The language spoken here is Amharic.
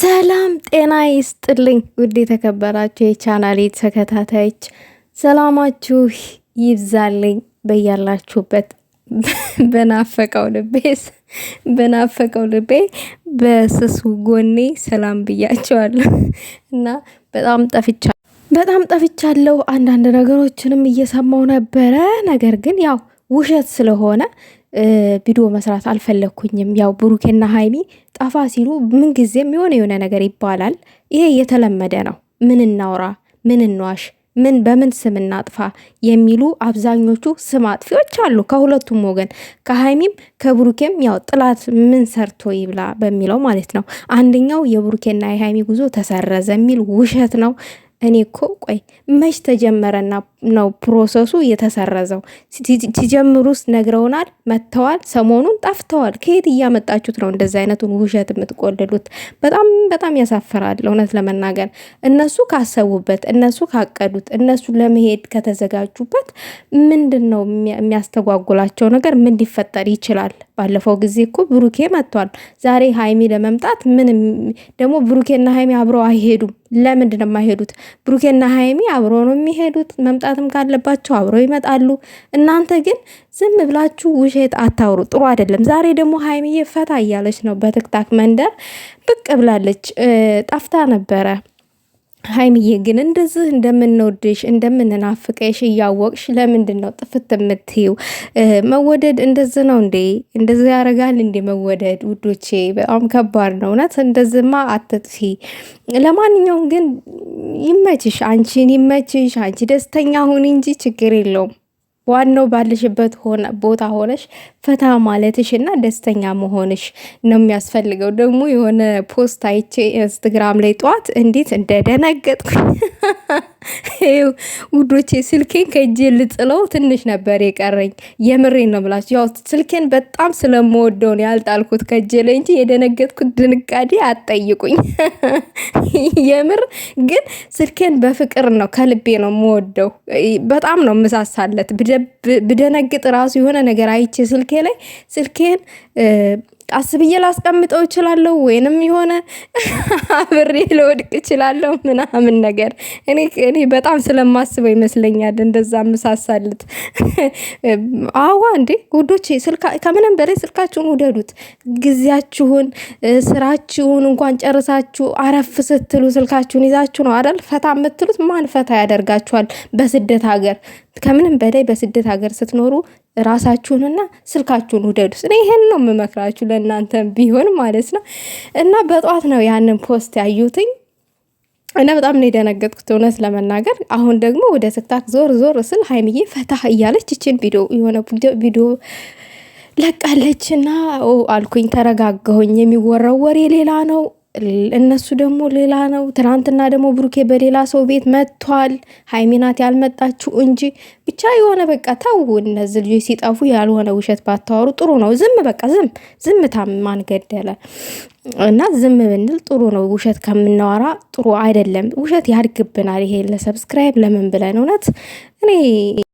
ሰላም ጤና ይስጥልኝ ውድ የተከበራችሁ የቻናሌ ተከታታዮች ሰላማችሁ ይብዛልኝ በያላችሁበት። በናፈቀው ልቤ በናፈቀው ልቤ በስሱ ጎኔ ሰላም ብያቸዋለሁ እና በጣም ጠፍቻ በጣም ጠፍቻለሁ። አንዳንድ ነገሮችንም እየሰማው ነበረ። ነገር ግን ያው ውሸት ስለሆነ ቪዲዮ መስራት አልፈለግኩኝም። ያው ብሩኬና ሀይሚ ጠፋ ሲሉ ምንጊዜም የሆነ የሆነ ነገር ይባላል። ይሄ የተለመደ ነው። ምን እናውራ፣ ምን እንዋሽ፣ ምን በምን ስም እናጥፋ የሚሉ አብዛኞቹ ስም አጥፊዎች አሉ ከሁለቱም ወገን ከሀይሚም ከብሩኬም። ያው ጥላት ምን ሰርቶ ይብላ በሚለው ማለት ነው። አንደኛው የብሩኬና የሀይሚ ጉዞ ተሰረዘ የሚል ውሸት ነው። እኔ እኮ ቆይ መች ተጀመረና ነው ፕሮሰሱ የተሰረዘው። ሲጀምሩስ ነግረውናል፣ መጥተዋል፣ ሰሞኑን ጠፍተዋል። ከየት እያመጣችሁት ነው እንደዚህ አይነቱን ውሸት የምትቆልሉት? በጣም በጣም ያሳፍራል። እውነት ለመናገር እነሱ ካሰቡበት፣ እነሱ ካቀዱት፣ እነሱ ለመሄድ ከተዘጋጁበት ምንድን ነው የሚያስተጓጉላቸው ነገር? ምን ሊፈጠር ይችላል? ባለፈው ጊዜ እኮ ብሩኬ መጥቷል። ዛሬ ሀይሚ ለመምጣት ምን ደግሞ ብሩኬና ሀይሚ አብረው አይሄዱም። ለምንድን ነው የማይሄዱት? ብሩኬና ሀይሚ አብረው ነው የሚሄዱት መምጣት መምጣትም ካለባቸው አብረው ይመጣሉ። እናንተ ግን ዝም ብላችሁ ውሸት አታውሩ፣ ጥሩ አይደለም። ዛሬ ደግሞ ሀይሚዬ ፈታ እያለች ነው። በትክታክ መንደር ብቅ ብላለች። ጠፍታ ነበረ። ሀይሚዬ ግን እንደዚህ እንደምንወድሽ እንደምንናፍቀሽ እያወቅሽ ለምንድን ነው ጥፍት የምትይው? መወደድ እንደዚህ ነው እንዴ? እንደዚህ ያደርጋል እንዴ መወደድ? ውዶቼ በጣም ከባድ ነው እውነት። እንደዚህማ አትጥፊ። ለማንኛውም ግን ይመችሽ፣ አንቺን ይመችሽ፣ አንቺ ደስተኛ ሁን እንጂ ችግር የለውም። ዋናው ባለሽበት ቦታ ሆነሽ ፈታ ማለትሽ እና ደስተኛ መሆንሽ ነው የሚያስፈልገው። ደግሞ የሆነ ፖስት አይቼ ኢንስትግራም ላይ ጠዋት እንዴት እንደደነገጥኩኝ ውዶቼ ስልኬን ከእጄ ልጥለው ትንሽ ነበር የቀረኝ። የምሬን ነው ብላችሁ ያው ስልኬን በጣም ስለምወደው ነው ያልጣልኩት ከእጄ ላይ እንጂ የደነገጥኩት ድንጋዴ አጠይቁኝ የምር ግን ስልኬን በፍቅር ነው ከልቤ ነው የምወደው። በጣም ነው ምሳሳለት። ብደነግጥ ራሱ የሆነ ነገር አይቼ ስልኬ ላይ ስልኬን አስብዬ ብዬ ላስቀምጠው እችላለሁ፣ ወይንም የሆነ አብሬ ለወድቅ እችላለሁ ምናምን ነገር እኔ በጣም ስለማስበው ይመስለኛል እንደዛ ምሳሳልት። አዋ እንዴ ውዶቼ፣ ከምንም በላይ ስልካችሁን ውደዱት። ጊዜያችሁን፣ ስራችሁን እንኳን ጨርሳችሁ አረፍ ስትሉ ስልካችሁን ይዛችሁ ነው አደል ፈታ የምትሉት። ማን ፈታ ያደርጋችኋል በስደት ሀገር? ከምንም በላይ በስደት ሀገር ስትኖሩ ራሳችሁንና ስልካችሁን ውደዱ። እኔ ይሄን ነው የምመክራችሁ ለእናንተ ቢሆን ማለት ነው። እና በጠዋት ነው ያንን ፖስት ያዩትኝ እና በጣም ነው የደነገጥኩት እውነት ለመናገር። አሁን ደግሞ ወደ ትክታክ ዞር ዞር ስል ሀይሚዬ ፈታ እያለች ይችን ቪዲዮ የሆነ ቪዲዮ ለቃለች እና አልኩኝ፣ ተረጋጋሁኝ። የሚወራው ወሬ ሌላ ነው እነሱ ደግሞ ሌላ ነው። ትናንትና ደግሞ ብሩኬ በሌላ ሰው ቤት መጥቷል። ሀይሚናት ያልመጣችው እንጂ ብቻ የሆነ በቃ ተው። እነዚህ ልጆች ሲጠፉ ያልሆነ ውሸት ባታወሩ ጥሩ ነው። ዝም በቃ ዝም ዝምታ ታማን ገደለ? እና ዝም ብንል ጥሩ ነው። ውሸት ከምናወራ ጥሩ አይደለም። ውሸት ያድግብናል። ይሄ ለሰብስክራይብ ለምን ብለን እውነት እኔ